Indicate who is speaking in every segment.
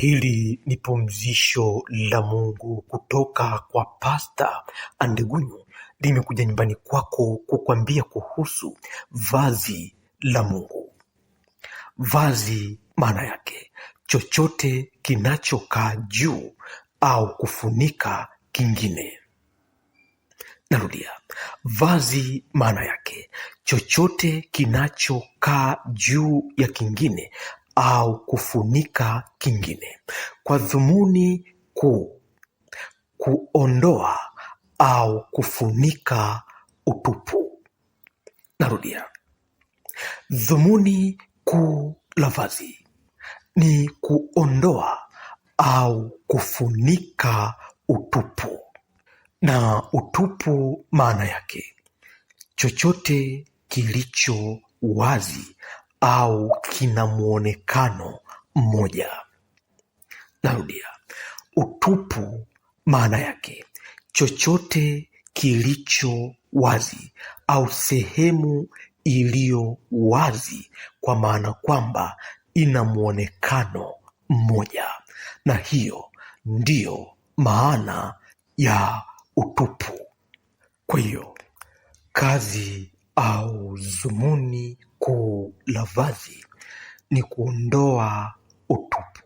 Speaker 1: Hili ni pumzisho la Mungu kutoka kwa Pasta Andegunyu, limekuja nyumbani kwako kukwambia kuhusu vazi la Mungu. Vazi maana yake chochote kinachokaa juu au kufunika kingine. Narudia, vazi maana yake chochote kinachokaa juu ya kingine au kufunika kingine kwa dhumuni kuu, kuondoa au kufunika utupu. Narudia, dhumuni kuu la vazi ni kuondoa au kufunika utupu. Na utupu maana yake chochote kilicho wazi au kina mwonekano mmoja. Narudia, utupu maana yake chochote kilicho wazi au sehemu iliyo wazi, kwa maana kwamba ina mwonekano mmoja, na hiyo ndiyo maana ya utupu. Kwa hiyo kazi au zumuni kuu la vazi ni kuondoa utupu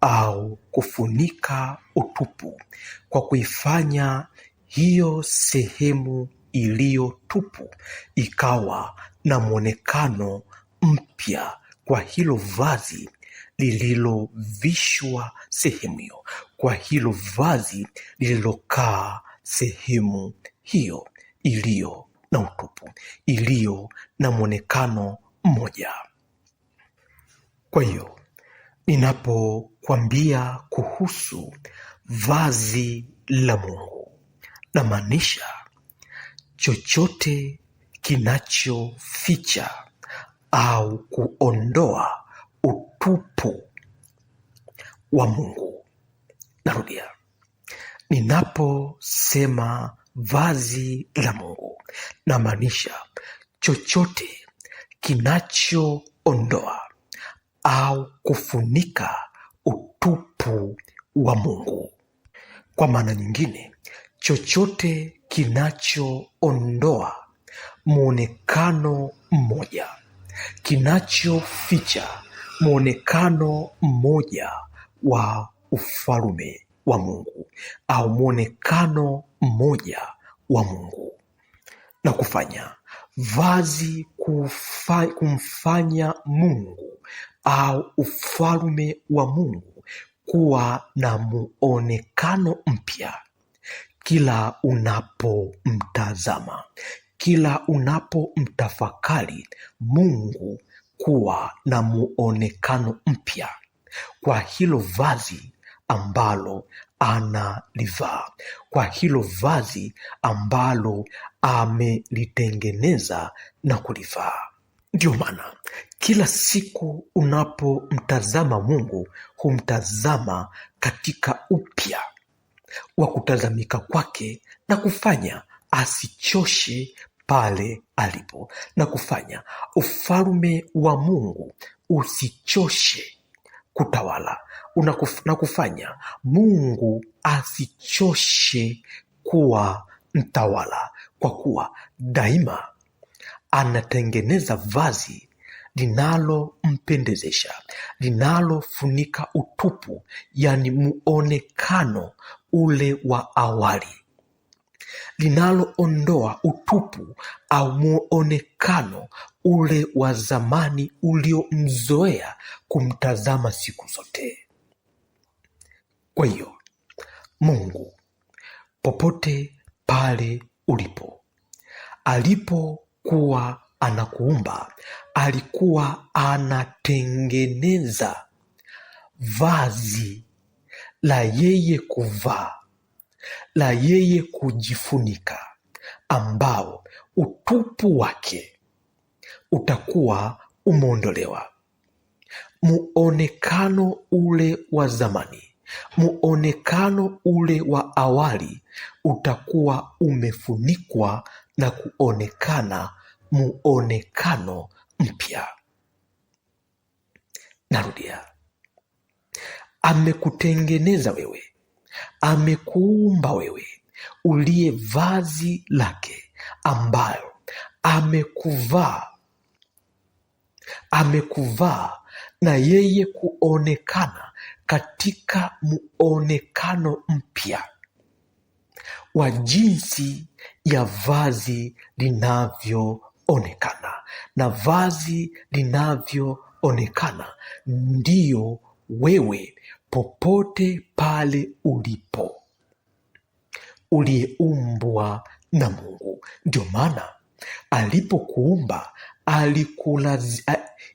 Speaker 1: au kufunika utupu kwa kuifanya hiyo sehemu iliyo tupu ikawa na mwonekano mpya kwa hilo vazi lililovishwa sehemu hiyo, kwa hilo vazi lililokaa sehemu hiyo iliyo na utupu, iliyo na mwonekano mmoja. Kwa hiyo ninapokwambia kuhusu vazi la Mungu, namaanisha chochote kinachoficha au kuondoa utupu wa Mungu. Narudia, ninaposema vazi la Mungu, namaanisha chochote kinachoondoa au kufunika utupu wa Mungu. Kwa maana nyingine, chochote kinachoondoa mwonekano mmoja, kinachoficha mwonekano mmoja wa ufalume wa Mungu au mwonekano mmoja wa Mungu na kufanya vazi kufa, kumfanya Mungu au ufalme wa Mungu kuwa na muonekano mpya kila unapomtazama, kila unapomtafakari Mungu kuwa na muonekano mpya kwa hilo vazi ambalo analivaa, kwa hilo vazi ambalo amelitengeneza na kulivaa. Ndiyo maana kila siku unapomtazama Mungu humtazama katika upya wa kutazamika kwake na kufanya asichoshe pale alipo na kufanya ufalme wa Mungu usichoshe kutawala na kufanya Mungu asichoshe kuwa mtawala, kwa kuwa daima anatengeneza vazi linalompendezesha linalofunika utupu, yani muonekano ule wa awali, linaloondoa utupu au muonekano ule wa zamani uliomzoea kumtazama siku zote. Kwa hiyo Mungu popote pale ulipo, alipokuwa anakuumba, alikuwa anatengeneza vazi la yeye kuvaa, la yeye kujifunika, ambao utupu wake utakuwa umeondolewa. Muonekano ule wa zamani, muonekano ule wa awali utakuwa umefunikwa na kuonekana muonekano mpya. Narudia, amekutengeneza wewe, amekuumba wewe uliye vazi lake, ambayo amekuvaa amekuvaa na yeye kuonekana katika muonekano mpya wa jinsi ya vazi linavyoonekana, na vazi linavyoonekana ndiyo wewe, popote pale ulipo, uliyeumbwa na Mungu. Ndio maana alipokuumba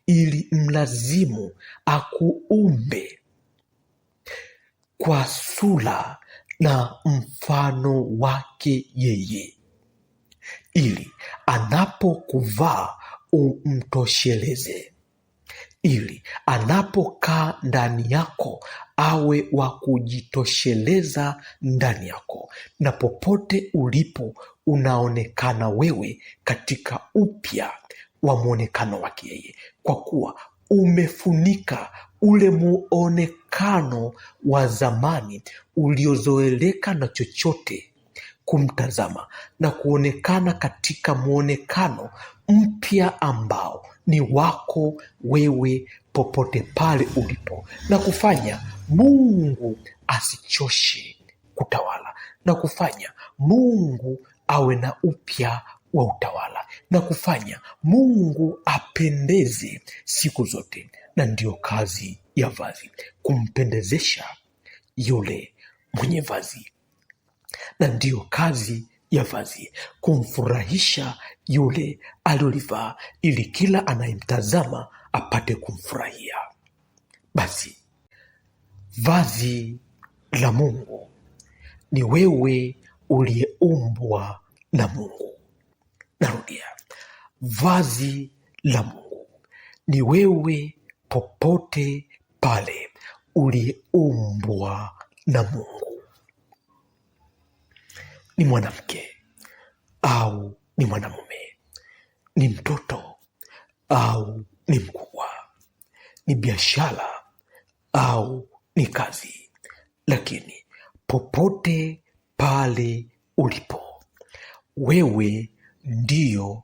Speaker 1: ili mlazimu akuumbe kwa sura na mfano wake yeye, ili anapokuvaa umtosheleze, ili anapokaa ndani yako awe wa kujitosheleza ndani yako, na popote ulipo unaonekana wewe katika upya wa mwonekano wake yeye, kwa kuwa umefunika ule muonekano wa zamani uliozoeleka na chochote kumtazama na kuonekana katika mwonekano mpya ambao ni wako wewe popote pale ulipo, na kufanya Mungu asichoshe kutawala na kufanya Mungu awe na upya wa utawala na kufanya Mungu apendeze siku zote, na ndiyo kazi ya vazi, kumpendezesha yule mwenye vazi, na ndiyo kazi ya vazi kumfurahisha yule aliolivaa ili kila anayemtazama apate kumfurahia. Basi vazi la Mungu ni wewe uliyeumbwa na Mungu narudia, vazi la Mungu ni wewe popote pale uliyeumbwa na Mungu, ni mwanamke au ni mwanamume, ni mtoto au ni mkubwa, ni biashara au ni kazi, lakini popote pale ulipo wewe ndiyo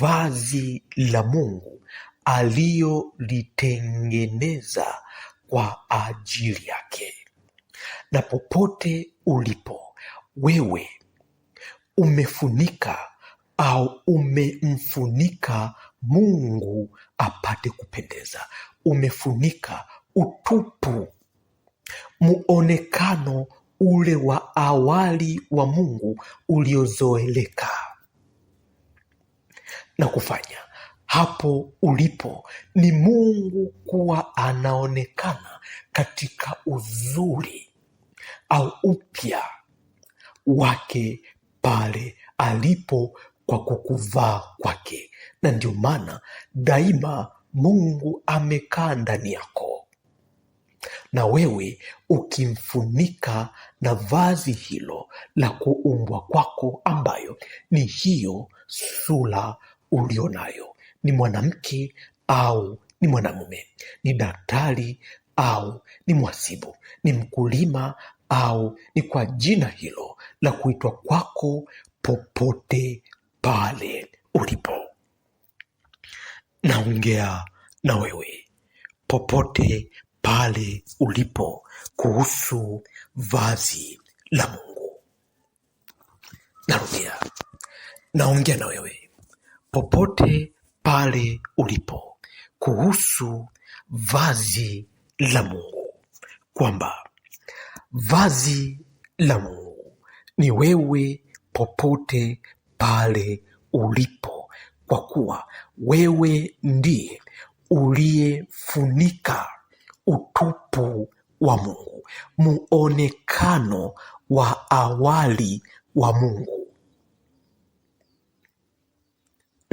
Speaker 1: vazi la Mungu aliyolitengeneza kwa ajili yake. Na popote ulipo wewe, umefunika au umemfunika Mungu apate kupendeza, umefunika utupu, muonekano ule wa awali wa Mungu uliozoeleka na kufanya hapo ulipo ni Mungu kuwa anaonekana katika uzuri au upya wake pale alipo kwa kukuvaa kwake, na ndio maana daima Mungu amekaa ndani yako, na wewe ukimfunika na vazi hilo la kuumbwa kwako, ambayo ni hiyo sura ulio nayo ni mwanamke au ni mwanamume, ni daktari au ni mhasibu, ni mkulima au ni kwa jina hilo la kuitwa kwako, popote pale ulipo, naongea na wewe popote pale ulipo kuhusu vazi la Mungu. Narudia, naongea na wewe popote pale ulipo kuhusu vazi la Mungu, kwamba vazi la Mungu ni wewe popote pale ulipo, kwa kuwa wewe ndiye uliyefunika utupu wa Mungu, muonekano wa awali wa Mungu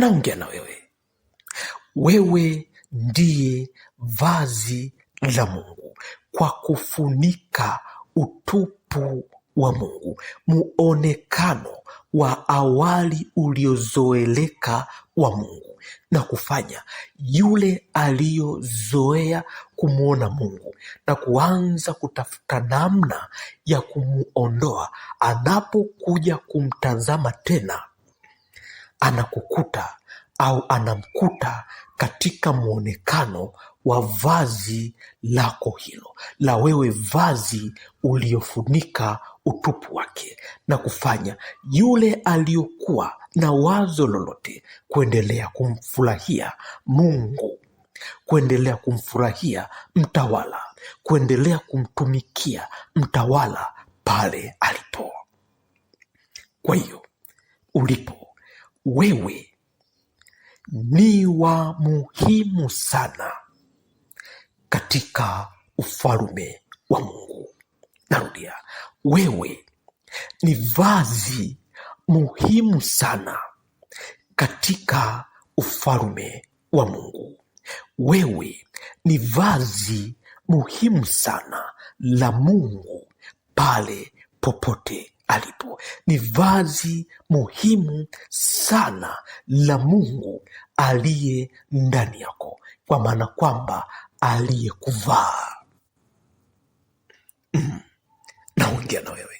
Speaker 1: naongea na wewe. Wewe ndiye vazi la Mungu kwa kufunika utupu wa Mungu, muonekano wa awali uliozoeleka wa Mungu na kufanya yule aliyozoea kumwona Mungu na kuanza kutafuta namna ya kumuondoa, anapokuja kumtazama tena anakukuta au anamkuta katika mwonekano wa vazi lako hilo la wewe vazi uliofunika utupu wake na kufanya yule aliyokuwa na wazo lolote kuendelea kumfurahia Mungu, kuendelea kumfurahia mtawala, kuendelea kumtumikia mtawala pale alipo. Kwa hiyo wewe ni wa muhimu sana katika ufalme wa Mungu. Narudia, wewe ni vazi muhimu sana katika ufalme wa Mungu. Wewe ni vazi muhimu sana la Mungu pale popote alipo. Ni vazi muhimu sana la Mungu aliye ndani yako, kwa maana kwamba aliyekuvaa mm. Naongea na wewe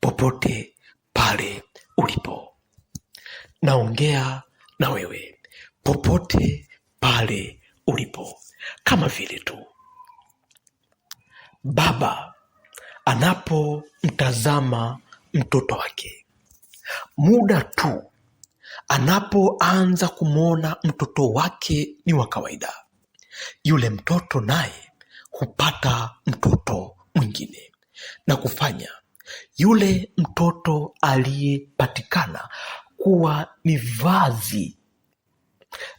Speaker 1: popote pale ulipo, naongea na wewe popote pale ulipo, kama vile tu baba anapomtazama mtoto wake. Muda tu anapoanza kumwona mtoto wake ni wa kawaida, yule mtoto naye hupata mtoto mwingine na kufanya yule mtoto aliyepatikana kuwa ni vazi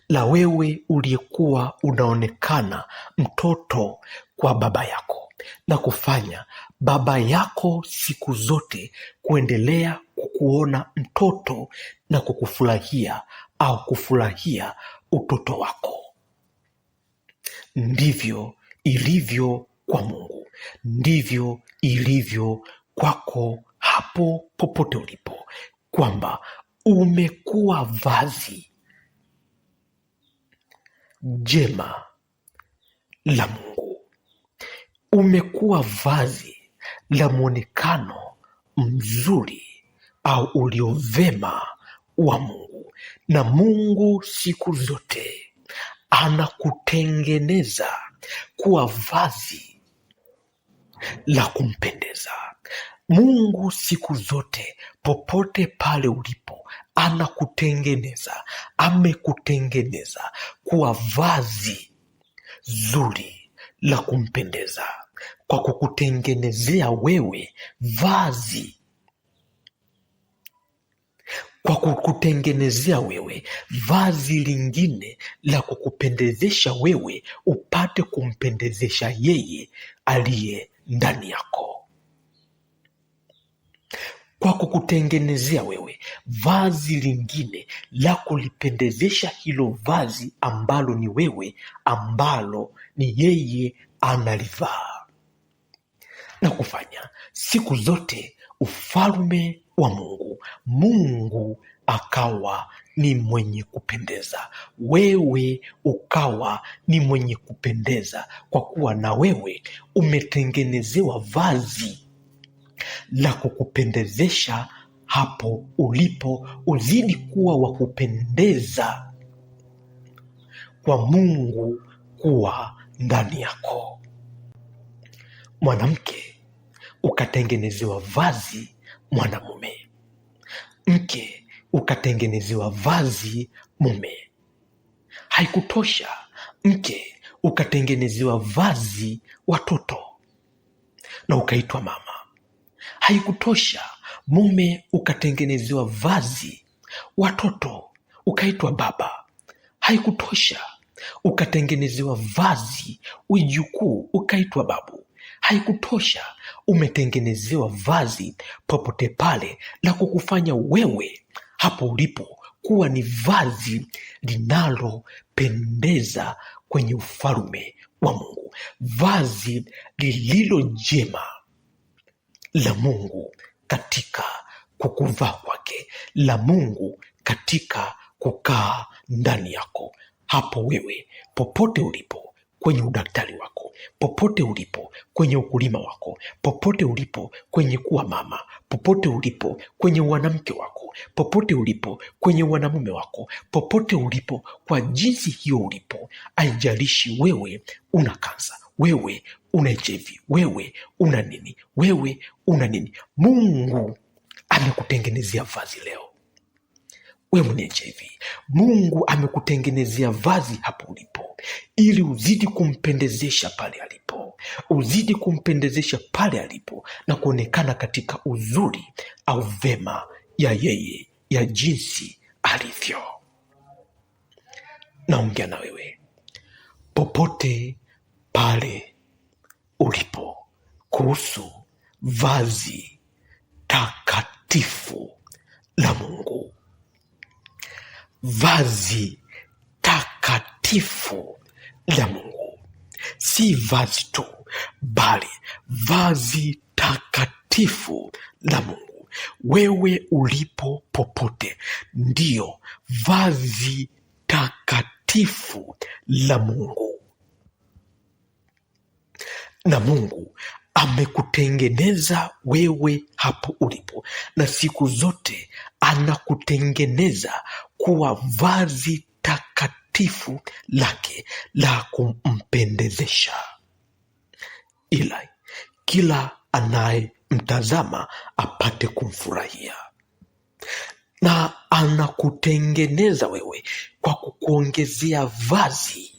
Speaker 1: la wewe uliyekuwa unaonekana mtoto kwa baba yako na kufanya baba yako siku zote kuendelea kukuona mtoto na kukufurahia au kufurahia utoto wako. Ndivyo ilivyo kwa Mungu, ndivyo ilivyo kwako hapo popote ulipo, kwamba umekuwa vazi jema la Mungu umekuwa vazi la mwonekano mzuri au uliovema wa Mungu, na Mungu siku zote anakutengeneza kuwa vazi la kumpendeza Mungu. Siku zote popote pale ulipo, anakutengeneza, amekutengeneza kuwa vazi zuri la kumpendeza kwa kukutengenezea wewe vazi kwa kukutengenezea wewe vazi lingine la kukupendezesha wewe upate kumpendezesha yeye aliye ndani yako, kwa kukutengenezea wewe vazi lingine la kulipendezesha hilo vazi ambalo ni wewe, ambalo ni yeye analivaa na kufanya siku zote ufalme wa Mungu. Mungu akawa ni mwenye kupendeza, wewe ukawa ni mwenye kupendeza, kwa kuwa na wewe umetengenezewa vazi la kukupendezesha hapo ulipo. Uzidi kuwa wa kupendeza kwa Mungu kuwa ndani yako. Mwanamke ukatengenezewa vazi mwanamume, mke ukatengenezewa vazi mume. Haikutosha, mke ukatengenezewa vazi watoto na ukaitwa mama. Haikutosha, mume ukatengenezewa vazi watoto ukaitwa baba. Haikutosha, ukatengenezewa vazi, ujukuu ukaitwa babu. Haikutosha, umetengenezewa vazi popote pale la kukufanya wewe hapo ulipo kuwa ni vazi linalopendeza kwenye ufalume wa Mungu, vazi lililo jema la Mungu katika kukuvaa kwake, la Mungu katika kukaa ndani yako hapo wewe, popote ulipo kwenye udaktari wako, popote ulipo kwenye ukulima wako, popote ulipo kwenye kuwa mama, popote ulipo kwenye wanamke wako, popote ulipo kwenye wanamume wako, popote ulipo kwa jinsi hiyo ulipo, aijarishi wewe una kansa, wewe una HIV, wewe una nini, wewe una nini, Mungu amekutengenezea vazi leo wewe mwenye HIV, Mungu amekutengenezea vazi hapo ulipo, ili uzidi kumpendezesha pale alipo, uzidi kumpendezesha pale alipo na kuonekana katika uzuri au vema ya yeye ya jinsi alivyo. Naongea na wewe popote pale ulipo kuhusu vazi takatifu la Mungu vazi takatifu la Mungu, si vazi tu, bali vazi takatifu la Mungu. Wewe ulipo popote, ndiyo vazi takatifu la Mungu, na Mungu amekutengeneza wewe hapo ulipo, na siku zote anakutengeneza kuwa vazi takatifu lake la kumpendezesha. Ila kila anayemtazama apate kumfurahia, na anakutengeneza wewe kwa kukuongezea vazi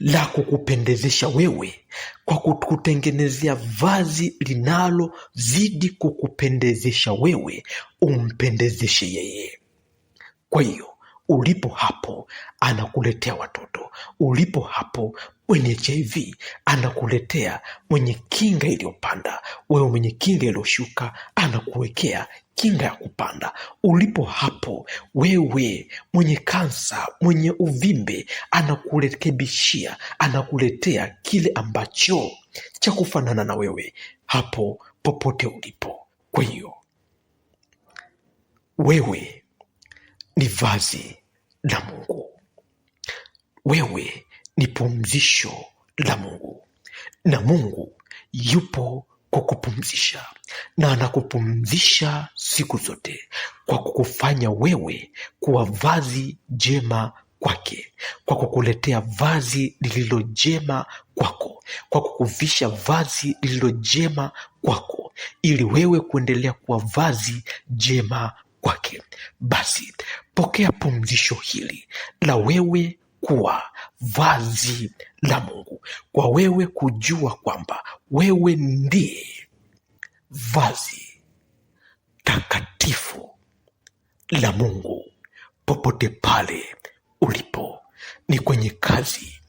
Speaker 1: la kukupendezesha wewe, kwa kukutengenezea vazi linalozidi kukupendezesha wewe, umpendezeshe yeye. Kwa hiyo ulipo hapo, anakuletea watoto. Ulipo hapo, wenye HIV anakuletea mwenye kinga iliyopanda. Wewe mwenye kinga iliyoshuka anakuwekea kinga ya kupanda. Ulipo hapo, wewe mwenye kansa, mwenye uvimbe, anakurekebishia, anakuletea kile ambacho cha kufanana na wewe hapo popote ulipo. Kwa hiyo wewe ni vazi la Mungu, wewe ni pumzisho la Mungu, na Mungu yupo kukupumzisha na anakupumzisha siku zote kwa kukufanya wewe kuwa vazi jema kwake, kwa kukuletea vazi lililojema kwako, kwa kukuvisha vazi lililojema kwako, ili wewe kuendelea kuwa vazi jema kwake. Basi pokea pumzisho hili la wewe kuwa vazi la Mungu, kwa wewe kujua kwamba wewe ndiye vazi takatifu la Mungu popote pale ulipo, ni kwenye kazi,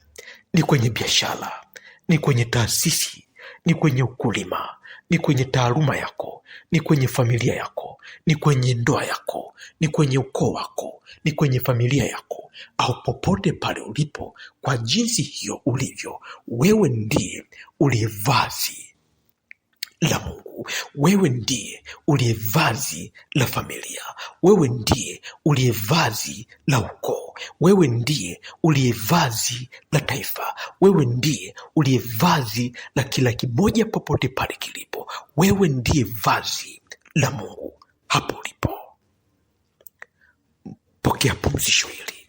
Speaker 1: ni kwenye biashara, ni kwenye taasisi, ni kwenye ukulima, ni kwenye taaluma yako, ni kwenye familia yako, ni kwenye ndoa yako, ni kwenye ukoo wako, ni kwenye familia yako, au popote pale ulipo. Kwa jinsi hiyo ulivyo, wewe ndiye uliye vazi la Mungu, wewe ndiye uliye vazi la familia, wewe ndiye uliye vazi la ukoo wewe ndiye uliye vazi la taifa, wewe ndiye uliye vazi la kila kimoja popote pale kilipo. Wewe ndiye vazi la Mungu hapo ulipo. Pokea pumzisho hili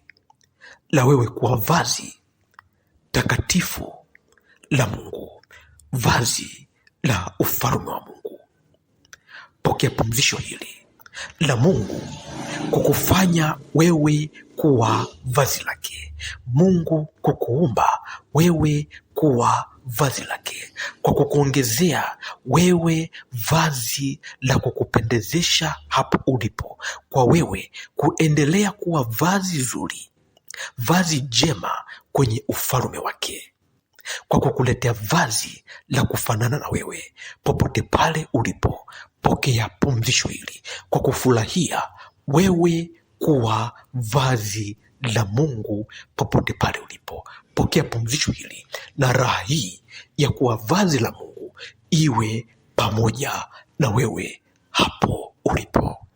Speaker 1: la wewe kuwa vazi takatifu la Mungu, vazi la ufalme wa Mungu. Pokea pumzisho hili la Mungu kukufanya wewe kuwa vazi lake, Mungu kukuumba wewe kuwa vazi lake, kwa kukuongezea wewe vazi la kukupendezesha hapo ulipo, kwa wewe kuendelea kuwa vazi zuri, vazi jema kwenye ufalme wake kwa kukuletea vazi la kufanana na wewe. Popote pale ulipo, pokea pumzisho hili kwa kufurahia wewe kuwa vazi la Mungu. Popote pale ulipo, pokea pumzisho hili na raha hii ya kuwa vazi la Mungu iwe pamoja na wewe hapo ulipo.